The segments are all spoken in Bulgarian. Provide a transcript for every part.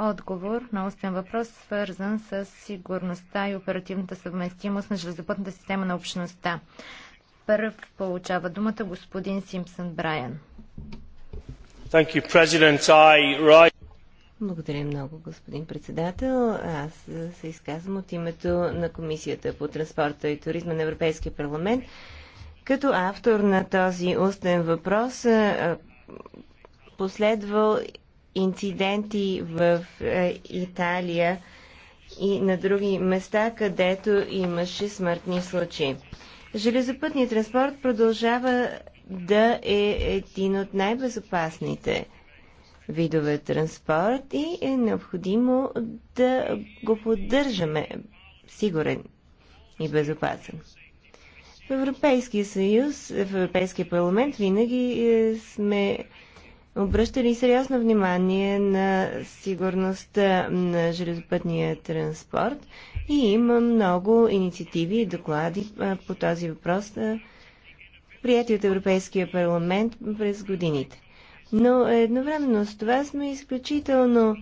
отговор на устен въпрос, свързан с сигурността и оперативната съвместимост на железопътната система на общността. Първ получава думата господин Симпсън Брайан. You, Благодаря много, господин председател. Аз се изказвам от името на Комисията по транспорта и туризма на Европейския парламент. Като автор на този устен въпрос, последвал инциденти в е, Италия и на други места, където имаше смъртни случаи. Железопътният транспорт продължава да е един от най-безопасните видове транспорт и е необходимо да го поддържаме сигурен и безопасен. В Европейския съюз, в Европейския парламент винаги е, сме Обръща ли сериозно внимание на сигурността на железопътния транспорт? И има много инициативи и доклади по този въпрос, прияти от Европейския парламент през годините. Но едновременно с това сме изключително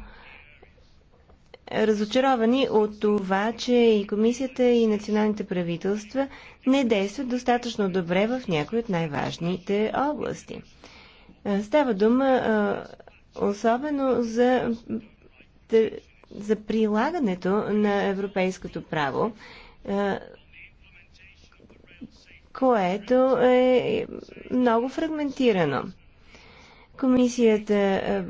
разочаровани от това, че и комисията, и националните правителства не действат достатъчно добре в някои от най-важните области. Е, става дума е, особено за, за прилагането на европейското право, е, което е много фрагментирано. Комисията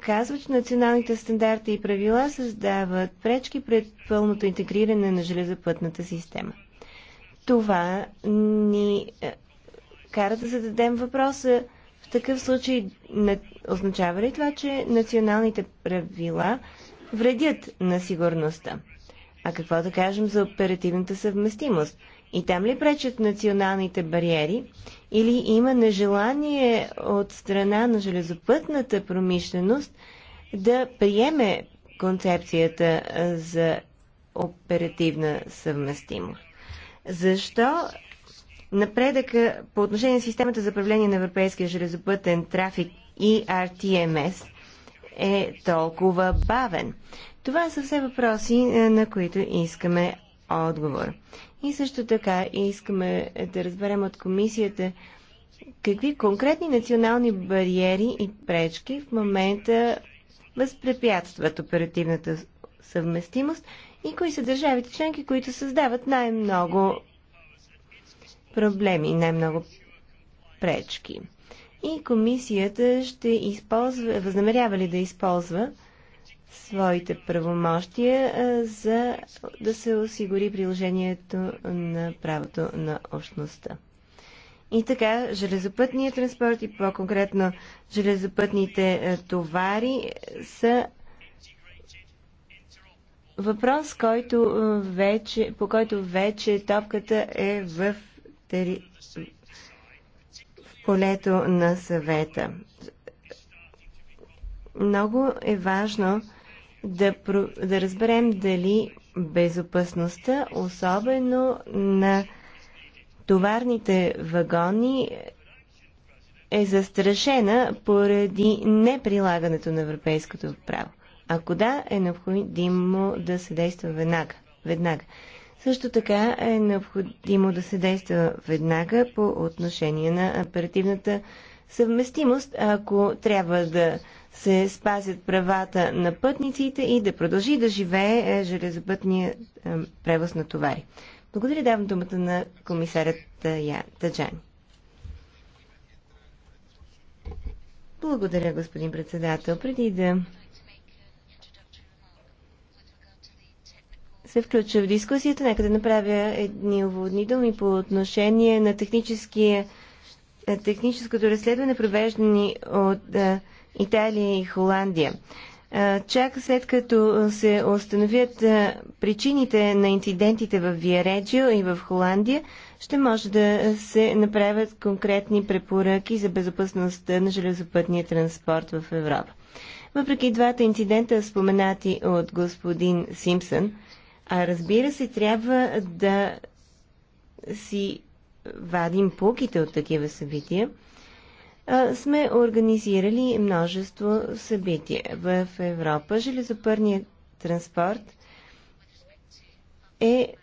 казва, че националните стандарти и правила създават пречки пред пълното интегриране на железопътната система. Това ни кара да зададем въпроса такъв случай означава ли това, че националните правила вредят на сигурността? А какво да кажем за оперативната съвместимост? И там ли пречат националните бариери? Или има нежелание от страна на железопътната промишленост да приеме концепцията за оперативна съвместимост? Защо Напредъка по отношение на системата за управление на европейския железопътен трафик и RTMS е толкова бавен. Това са все въпроси, е, на които искаме отговор. И също така искаме да разберем от комисията какви конкретни национални бариери и пречки в момента възпрепятстват оперативната съвместимост и кои са държавите членки, които създават най-много проблеми, най-много пречки. И комисията ще използва, възнамерява ли да използва своите правомощия за да се осигури приложението на правото на общността. И така, железопътният транспорт и по-конкретно железопътните товари са въпрос, който вече, по който вече топката е в тери... в полето на съвета. Много е важно да, про... да разберем дали безопасността, особено на товарните вагони, е застрашена поради неприлагането на европейското право. Ако да, е необходимо да се действа веднага. веднага. Също така е необходимо да се действа веднага по отношение на оперативната съвместимост, ако трябва да се спазят правата на пътниците и да продължи да живее е, железопътния е, превоз на товари. Благодаря, давам думата на комисарят Таджани. Благодаря, господин председател. Преди да се включа в дискусията. Нека да направя едни уводни думи по отношение на е, техническото разследване, провеждани от е, Италия и Холандия. Е, чак след като се установят причините на инцидентите в Виареджио и в Холандия, ще може да се направят конкретни препоръки за безопасността на железопътния транспорт в Европа. Въпреки двата инцидента, споменати от господин Симпсън, а разбира се, трябва да си вадим пуките от такива събития. А, сме организирали множество събития. В Европа железопърният транспорт е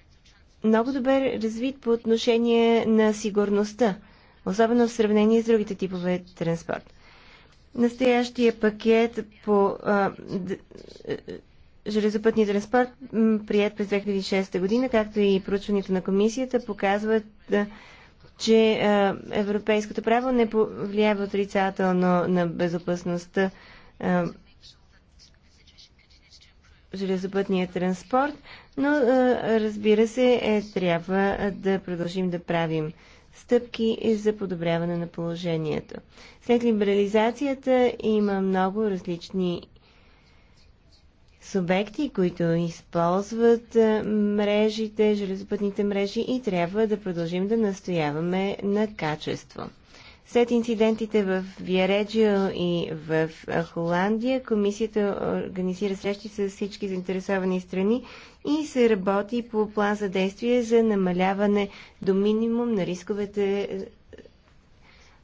много добре развит по отношение на сигурността, особено в сравнение с другите типове транспорт. Настоящия пакет по а, железопътния транспорт, прият през 2006 година, както и проучването на комисията, показват, че европейското право не повлиява отрицателно на безопасността железопътния транспорт, но разбира се, е, трябва да продължим да правим стъпки за подобряване на положението. След либерализацията има много различни субекти, които използват мрежите, железопътните мрежи и трябва да продължим да настояваме на качество. След инцидентите в Виареджио и в Холандия, комисията организира срещи с всички заинтересовани страни и се работи по план за действие за намаляване до минимум на рисковете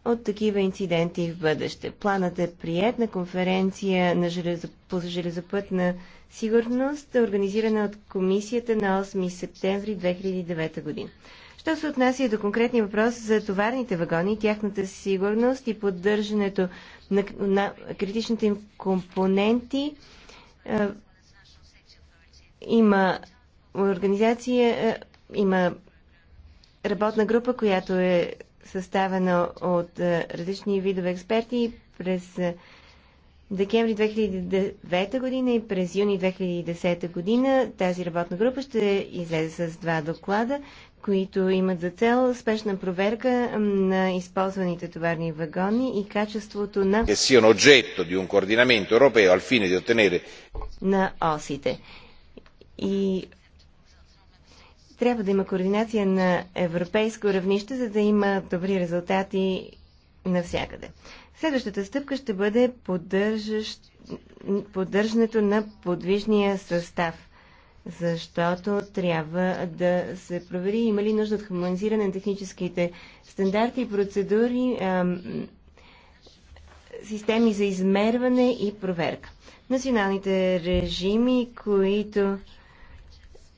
от такива инциденти в бъдеще. Планът е прият на конференция на железо... по железопътна сигурност, организирана от комисията на 8 септември 2009 година. Що се отнася до конкретния въпрос за товарните вагони, тяхната сигурност и поддържането на, на критичните им компоненти, е, има организация, е, има работна група, която е съставена от е, различни видове експерти през е, декември 2009 година и през юни 2010 година. Тази работна група ще излезе с два доклада, които имат за цел спешна проверка на използваните товарни вагони и качеството на на осите. И трябва да има координация на европейско равнище, за да има добри резултати навсякъде. Следващата стъпка ще бъде поддържащ, поддържането на подвижния състав, защото трябва да се провери има ли нужда от хармонизиране на техническите стандарти и процедури, ам, системи за измерване и проверка. Националните режими, които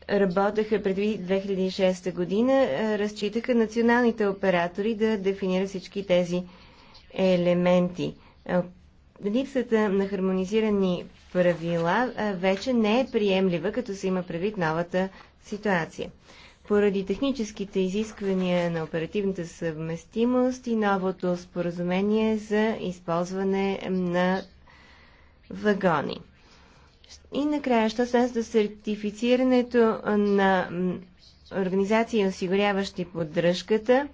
работеха преди 2006 година, разчитаха националните оператори да дефинират всички тези елементи. Липсата на хармонизирани правила вече не е приемлива, като се има предвид новата ситуация. Поради техническите изисквания на оперативната съвместимост и новото споразумение за използване на вагони. И накрая, що се за сертифицирането на организации, осигуряващи поддръжката,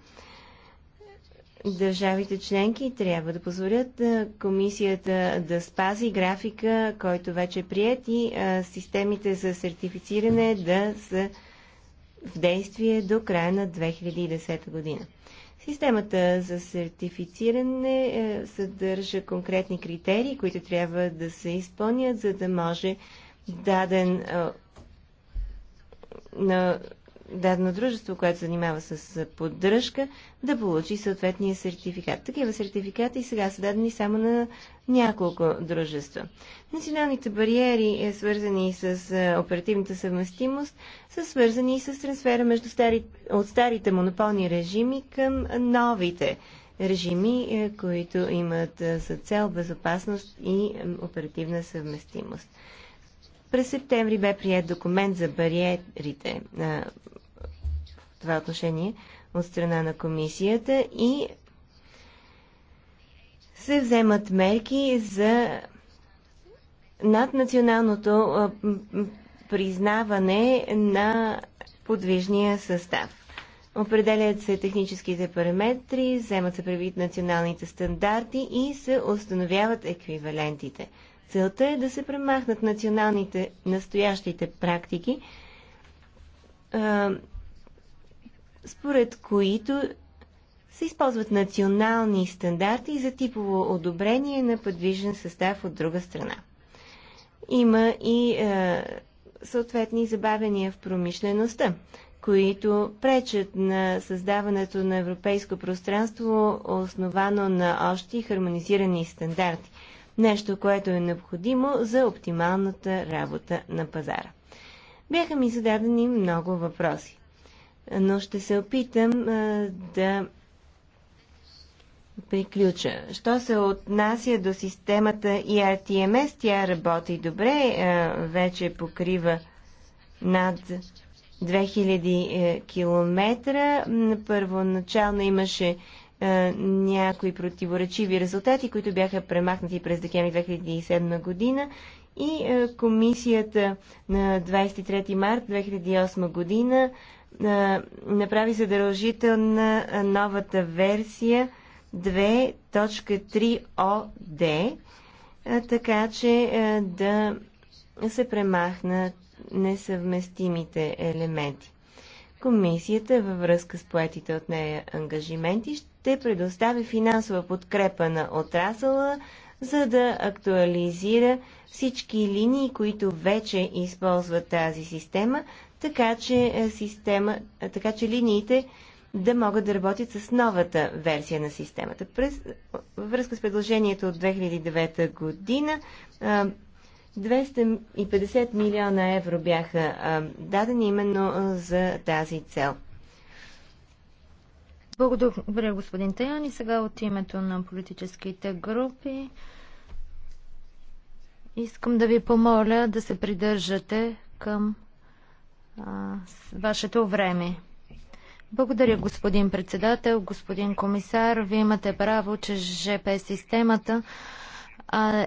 държавите членки трябва да позволят комисията да спази графика, който вече е прият и системите за сертифициране да са в действие до края на 2010 година. Системата за сертифициране е, съдържа конкретни критерии, които трябва да се изпълнят, за да може даден е, на дадено дружество, което занимава с поддръжка, да получи съответния сертификат. Такива сертификати сега са дадени само на няколко дружества. Националните бариери, е, свързани с е, оперативната съвместимост, са свързани и с трансфера между стари, от старите монополни режими към новите режими, е, които имат за цел безопасност и оперативна съвместимост. През септември бе прият документ за бариерите на това отношение от страна на комисията и се вземат мерки за наднационалното признаване на подвижния състав. Определят се техническите параметри, вземат се предвид националните стандарти и се установяват еквивалентите – Целта е да се премахнат националните настоящите практики, според които се използват национални стандарти за типово одобрение на подвижен състав от друга страна. Има и е, съответни забавения в промишлеността, които пречат на създаването на европейско пространство, основано на още хармонизирани стандарти нещо, което е необходимо за оптималната работа на пазара. Бяха ми зададени много въпроси, но ще се опитам да приключа. Що се отнася до системата ERTMS, тя работи добре, вече покрива над 2000 е, км. Първоначално имаше е, някои противоречиви резултати, които бяха премахнати през декември 2007 година и е, комисията на 23 март 2008 година е, направи задължителна новата версия 23 од така че да се премахнат несъвместимите елементи. Комисията във връзка с поетите от нея ангажименти ще предостави финансова подкрепа на отрасъла, за да актуализира всички линии, които вече използват тази система, така че, е, система, е, така че линиите да могат да работят с новата версия на системата. През, във връзка с предложението от 2009 година 250 милиона евро бяха а, дадени именно за тази цел. Благодаря, господин и Сега от името на политическите групи искам да ви помоля да се придържате към а, вашето време. Благодаря, господин председател, господин комисар. Вие имате право, че ЖП системата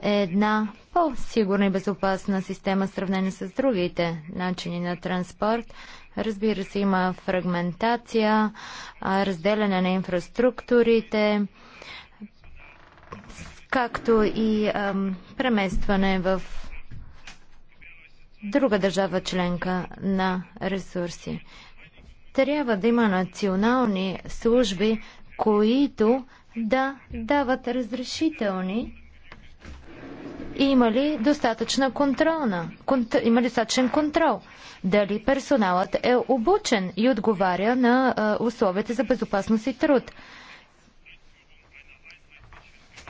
е една по-сигурна и безопасна система в сравнение с другите начини на транспорт. Разбира се, има фрагментация, разделяне на инфраструктурите, както и ам, преместване в друга държава членка на ресурси. Трябва да има национални служби, които да дават разрешителни и има ли достатъчна контролна? Конт... Има ли достатъчен контрол? Дали персоналът е обучен и отговаря на а, условията за безопасност и труд?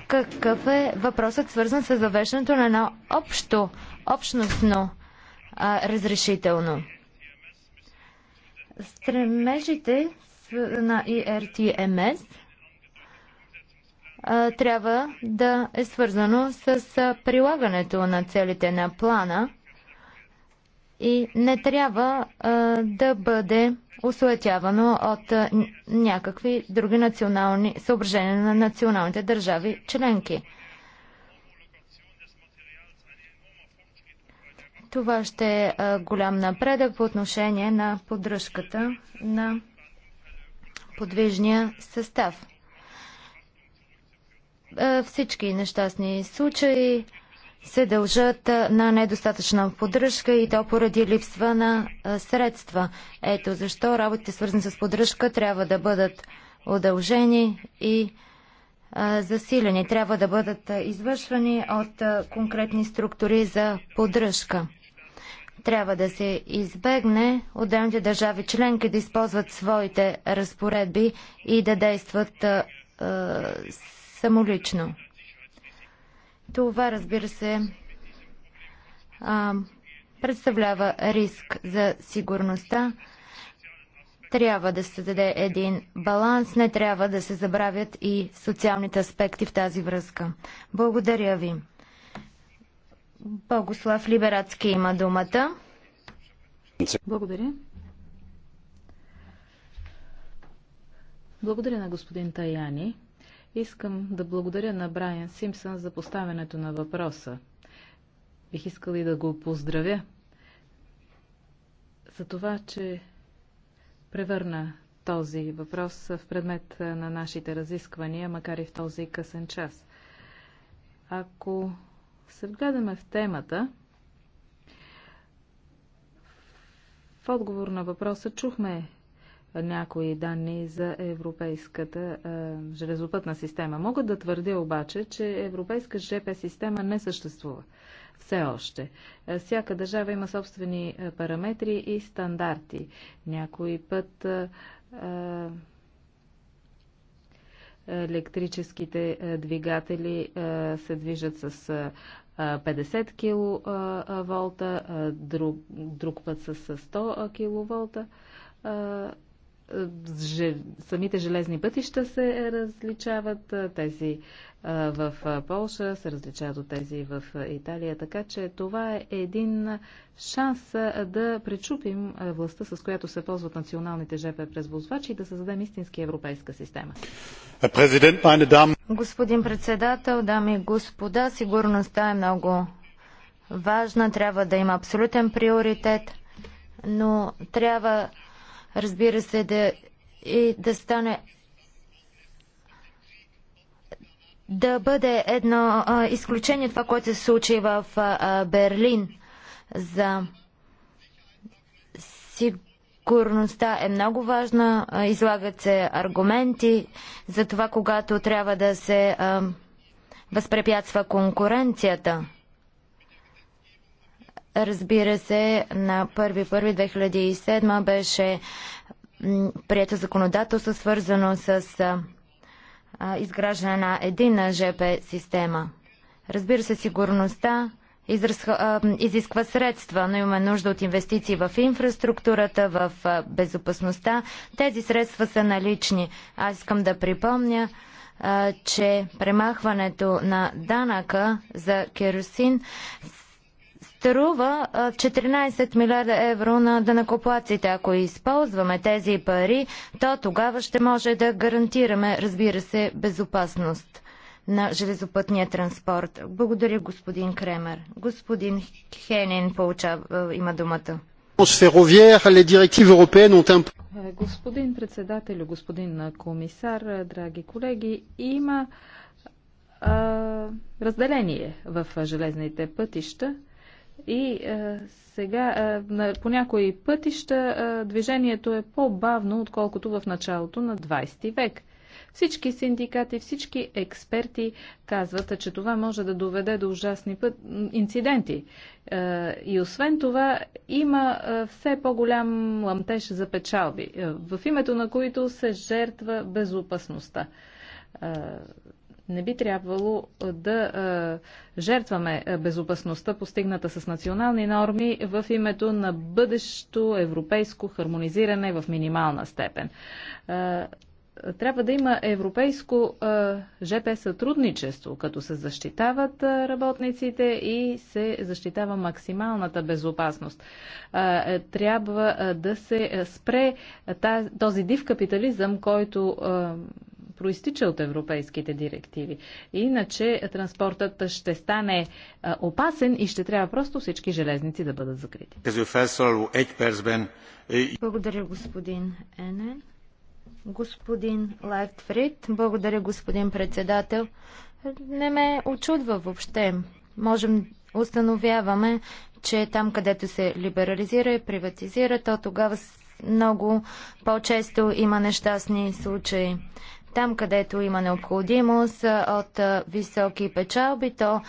Какъв е въпросът свързан с завеждането на едно общо, общностно а, разрешително? Стремежите на ИРТМС – трябва да е свързано с прилагането на целите на плана и не трябва да бъде осуетявано от някакви други национални съображения на националните държави членки. Това ще е голям напредък по отношение на поддръжката на подвижния състав. Е, всички нещастни случаи се дължат е, на недостатъчна поддръжка и то поради липсва на е, средства. Ето защо работите свързани с поддръжка трябва да бъдат удължени и засилени. Трябва да бъдат извършвани от конкретни структури за поддръжка. Трябва да се избегне отделните държави членки да използват своите разпоредби и да действат самолично. Това, разбира се, а, представлява риск за сигурността. Трябва да се даде един баланс, не трябва да се забравят и социалните аспекти в тази връзка. Благодаря ви. Богослав Либерацки има думата. Благодаря. Благодаря на господин Таяни. Искам да благодаря на Брайан Симпсън за поставянето на въпроса. Бих искал и да го поздравя за това, че превърна този въпрос в предмет на нашите разисквания, макар и в този късен час. Ако се вгледаме в темата, в отговор на въпроса чухме някои данни за европейската а, железопътна система. Мога да твърдя обаче, че европейска ЖП система не съществува. Все още. Всяка държава има собствени параметри и стандарти. Някой път а, а, електрическите двигатели се движат с 50 кВ, друг, друг път с 100 кВ самите железни пътища се различават, тези в Полша се различават от тези в Италия, така че това е един шанс да пречупим властта, с която се ползват националните ЖП превозвачи и да създадем истински европейска система. Е, Господин председател, дами и господа, сигурността е много важна, трябва да има абсолютен приоритет, но трябва Разбира се, да, и да стане да бъде едно а, изключение това, което се случи в а, Берлин за сигурността е много важна. Излагат се аргументи за това, когато трябва да се а, възпрепятства конкуренцията. Разбира се, на 1.1.2007 беше прието законодателство, свързано с изграждане на единна ЖП система. Разбира се, сигурността изисква средства, но имаме нужда от инвестиции в инфраструктурата, в безопасността. Тези средства са налични. Аз искам да припомня, че премахването на данъка за керосин струва 14 милиарда евро на данакоплаците. Ако използваме тези пари, то тогава ще може да гарантираме, разбира се, безопасност на железопътния транспорт. Благодаря, господин Кремер. Господин Хенин получава, има думата. Е, господин председател, господин комисар, драги колеги, има а, разделение в железните пътища. И а, е, сега а, е, на, по някои пътища а, е, движението е по-бавно, отколкото в началото на 20 век. Всички синдикати, всички експерти казват, че това може да доведе до ужасни път, инциденти. И освен това, има все по-голям ламтеж за печалби, в името на които се жертва безопасността не би трябвало да жертваме безопасността, постигната с национални норми, в името на бъдещо европейско хармонизиране в минимална степен трябва да има европейско ЖП сътрудничество, като се защитават работниците и се защитава максималната безопасност. Е, трябва да се спре този див капитализъм, който проистича от европейските директиви. Иначе транспортът ще стане опасен и ще трябва просто всички железници да бъдат закрити. Благодаря, господин Ене. Господин Лайтфрид, благодаря, господин председател. Не ме очудва въобще. Можем установяваме, че там, където се либерализира и приватизира, то тогава много по-често има нещастни случаи. Там, където има необходимост от високи печалби, то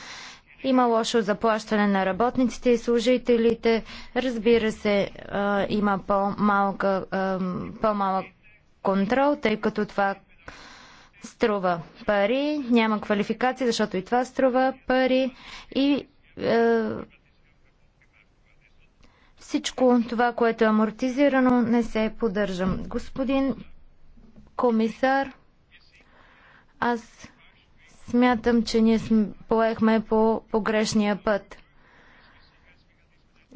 има лошо заплащане на работниците и служителите. Разбира се, има по-малка, по-малък контрол, тъй като това струва пари, няма квалификация, защото и това струва пари и е, всичко това, което е амортизирано, не се поддържа. Господин комисар, аз смятам, че ние поехме по погрешния път.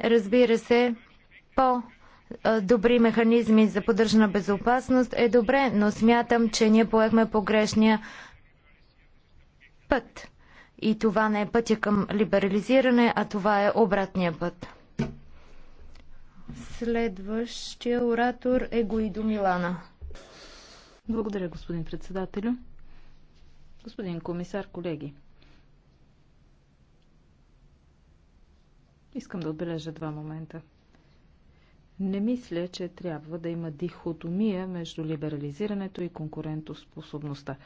Разбира се, по добри механизми за поддържана безопасност е добре, но смятам, че ние поехме погрешния път. И това не е пътя към либерализиране, а това е обратния път. Следващия оратор е Гоидо Милана. Благодаря, господин председателю. Господин комисар, колеги, искам да отбележа два момента. Не мисля, че трябва да има дихотомия между либерализирането и конкурентоспособността.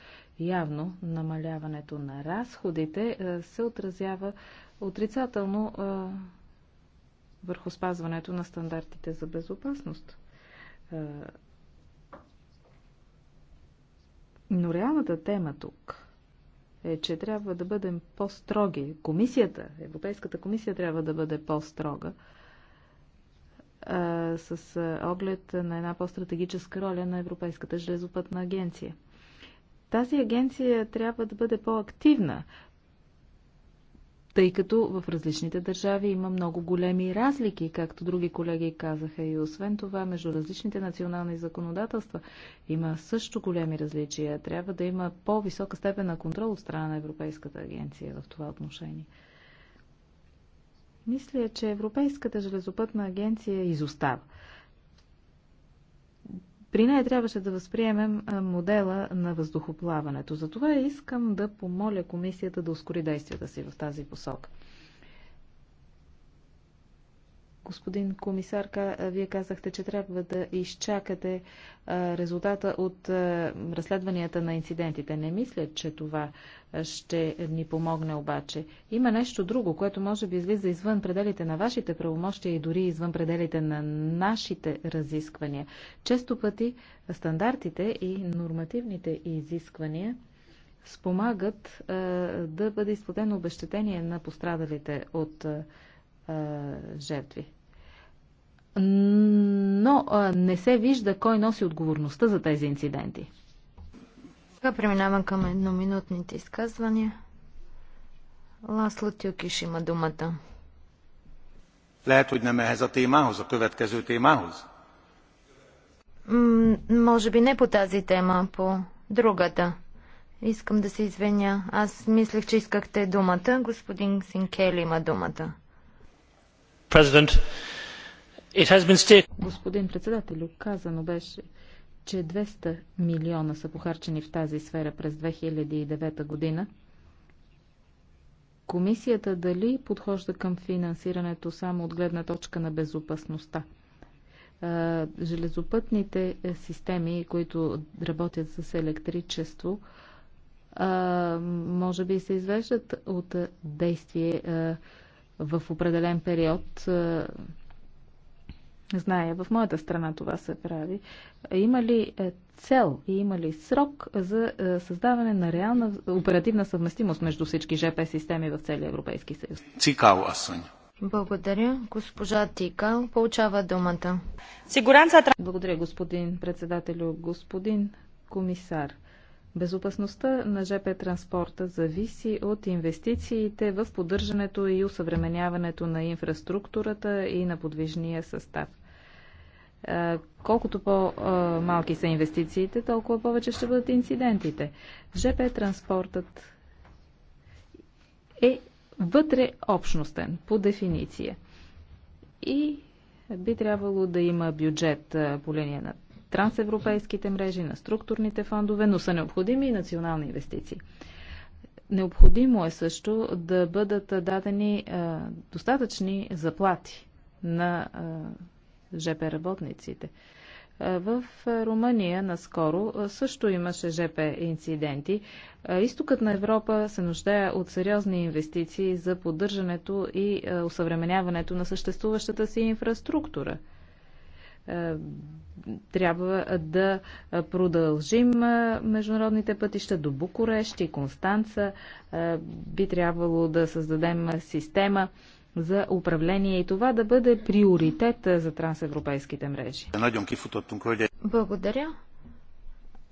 Явно намаляването на разходите е, се отразява отрицателно е, върху спазването на стандартите за безопасност. Е, но реалната тема тук е, че трябва да бъдем по-строги. Комисията, Европейската комисия трябва да бъде по-строга с оглед на една по-стратегическа роля на Европейската железопътна агенция. Тази агенция трябва да бъде по-активна тъй като в различните държави има много големи разлики, както други колеги казаха. И освен това, между различните национални законодателства има също големи различия. Трябва да има по-висока степен на контрол от страна на Европейската агенция в това отношение. Мисля, че Европейската железопътна агенция изостава. При нея трябваше да възприемем модела на въздухоплаването. Затова искам да помоля комисията да ускори действията си в тази посока. Господин комисар, вие казахте, че трябва да изчакате резултата от разследванията на инцидентите. Не мисля, че това ще ни помогне обаче. Има нещо друго, което може би излиза извън пределите на вашите правомощия и дори извън пределите на нашите разисквания. Често пъти стандартите и нормативните изисквания спомагат да бъде изплатено обещетение на пострадалите от жертви. Но не се вижда кой носи отговорността за тези инциденти. Сега преминавам към едноминутните изказвания. Ласло Тюкиш има думата. Lehet, hogy nem ehhez a témához, a következő témához? може би не по тази тема, по другата. Искам да се извиня. Аз мислех, че искахте думата. Господин Синкели има думата. Господин председател, казано беше, че 200 милиона са похарчени в тази сфера през 2009 година. Комисията дали подхожда към финансирането само от гледна точка на безопасността? Железопътните е, системи, които работят с електричество, може би се извеждат от действие в определен период. Зная, в моята страна това се прави. Има ли е, цел и има ли срок за е, създаване на реална оперативна съвместимост между всички ЖП системи в целия Европейски съюз? Цикал, Асъня. Благодаря. Госпожа Тикал получава думата. Сигуранца... Благодаря, господин председателю, господин комисар. Безопасността на ЖП транспорта зависи от инвестициите в поддържането и усъвременяването на инфраструктурата и на подвижния състав. Колкото по-малки са инвестициите, толкова повече ще бъдат инцидентите. ЖП транспортът е вътре общностен, по дефиниция. И би трябвало да има бюджет по линия на трансевропейските мрежи, на структурните фондове, но са необходими и национални инвестиции. Необходимо е също да бъдат дадени достатъчни заплати на ЖП работниците. В Румъния наскоро също имаше ЖП инциденти. Изтокът на Европа се нуждае от сериозни инвестиции за поддържането и усъвременяването на съществуващата си инфраструктура – е, трябва да продължим международните пътища до Букурещ и Констанца. Е, би трябвало да създадем система за управление и това да бъде приоритет за трансевропейските мрежи. Благодаря.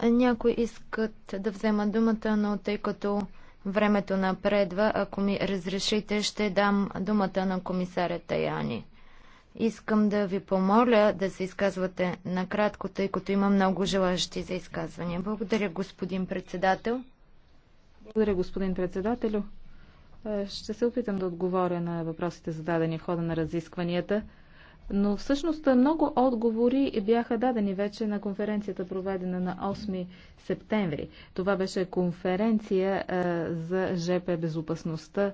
Някои искат да вземат думата, но тъй като времето напредва, ако ми разрешите, ще дам думата на комисаря Таяни. Искам да ви помоля да се изказвате накратко, тъй като има много желащи за изказвания. Благодаря, господин председател. Благодаря, господин председателю. Е, ще се опитам да отговоря на въпросите зададени в хода на разискванията. Но всъщност много отговори бяха дадени вече на конференцията, проведена на 8 септември. Това беше конференция за ЖП безопасността,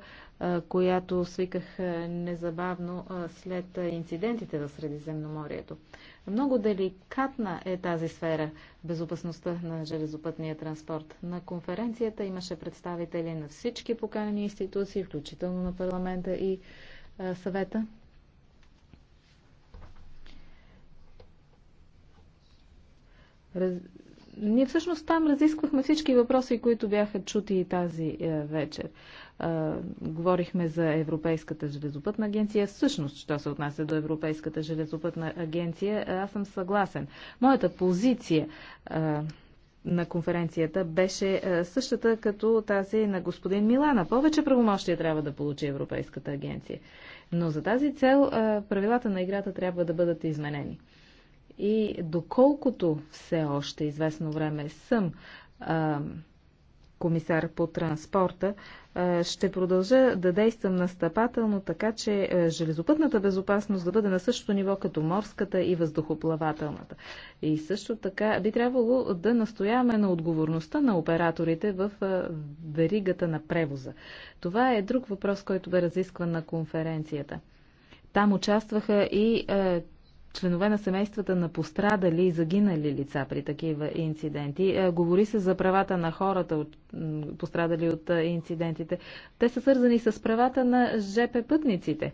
която свиках незабавно след инцидентите в Средиземноморието. Много деликатна е тази сфера безопасността на железопътния транспорт. На конференцията имаше представители на всички поканени институции, включително на парламента и съвета. Раз... Ние всъщност там разисквахме всички въпроси, които бяха чути и тази е, вечер. Е, говорихме за Европейската железопътна агенция. Всъщност, що се отнася до Европейската железопътна агенция, е, аз съм съгласен. Моята позиция е, на конференцията беше е, същата като тази на господин Милана. Повече правомощия трябва да получи Европейската агенция. Но за тази цел е, правилата на играта трябва да бъдат изменени. И доколкото все още известно време съм а, комисар по транспорта, а, ще продължа да действам настъпателно, така че а, железопътната безопасност да бъде на същото ниво като морската и въздухоплавателната. И също така би трябвало да настояваме на отговорността на операторите в а, веригата на превоза. Това е друг въпрос, който бе разискван на конференцията. Там участваха и членове на семействата на пострадали и загинали лица при такива инциденти. Е, говори се за правата на хората, от, пострадали от е, инцидентите. Те са свързани с правата на ЖП пътниците.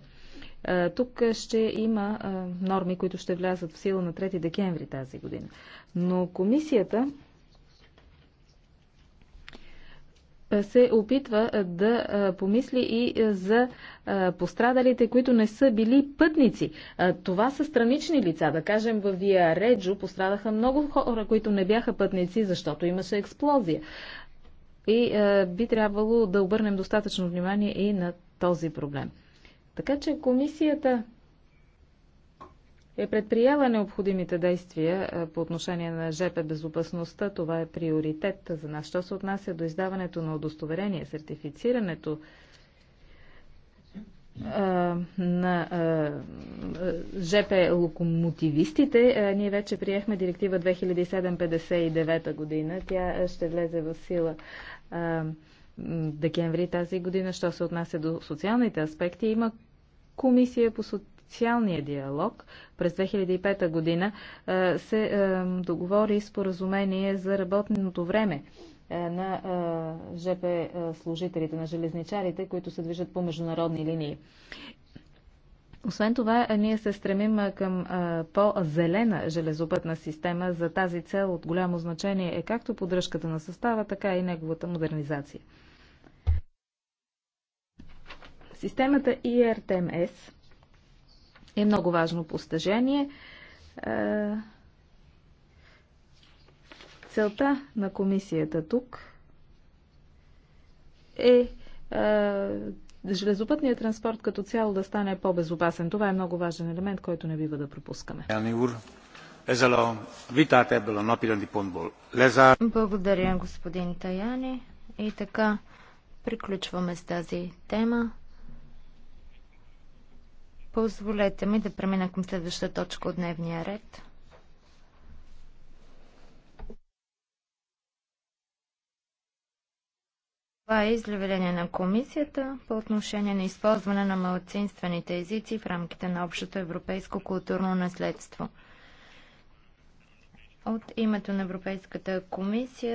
Е, тук ще има норми, които ще влязат в сила на 3 декември тази година. Но комисията се опитва да помисли и за пострадалите, които не са били пътници. Това са странични лица. Да кажем, във Виа Реджо пострадаха много хора, които не бяха пътници, защото имаше експлозия. И би трябвало да обърнем достатъчно внимание и на този проблем. Така че комисията е предприела необходимите действия по отношение на ЖП безопасността. Това е приоритет за нас. Що се отнася до издаването на удостоверение, сертифицирането на ЖП локомотивистите, ние вече приехме директива 2759 година. Тя ще влезе в сила декември тази година. Що се отнася до социалните аспекти, има комисия по социалния диалог. През 2005 година се договори споразумение за работното време на ЖП служителите, на железничарите, които се движат по международни линии. Освен това, ние се стремим към по-зелена железопътна система. За тази цел от голямо значение е както поддръжката на състава, така и неговата модернизация. Системата IRTMS е много важно постижение. Е, целта на комисията тук е, е железопътният транспорт като цяло да стане по-безопасен. Това е много важен елемент, който не бива да пропускаме. Благодаря, господин Таяни. И така, приключваме с тази тема. Позволете ми да премина към следващата точка от дневния ред. Това е изявление на комисията по отношение на използване на малцинствените езици в рамките на общото европейско културно наследство. От името на Европейската комисия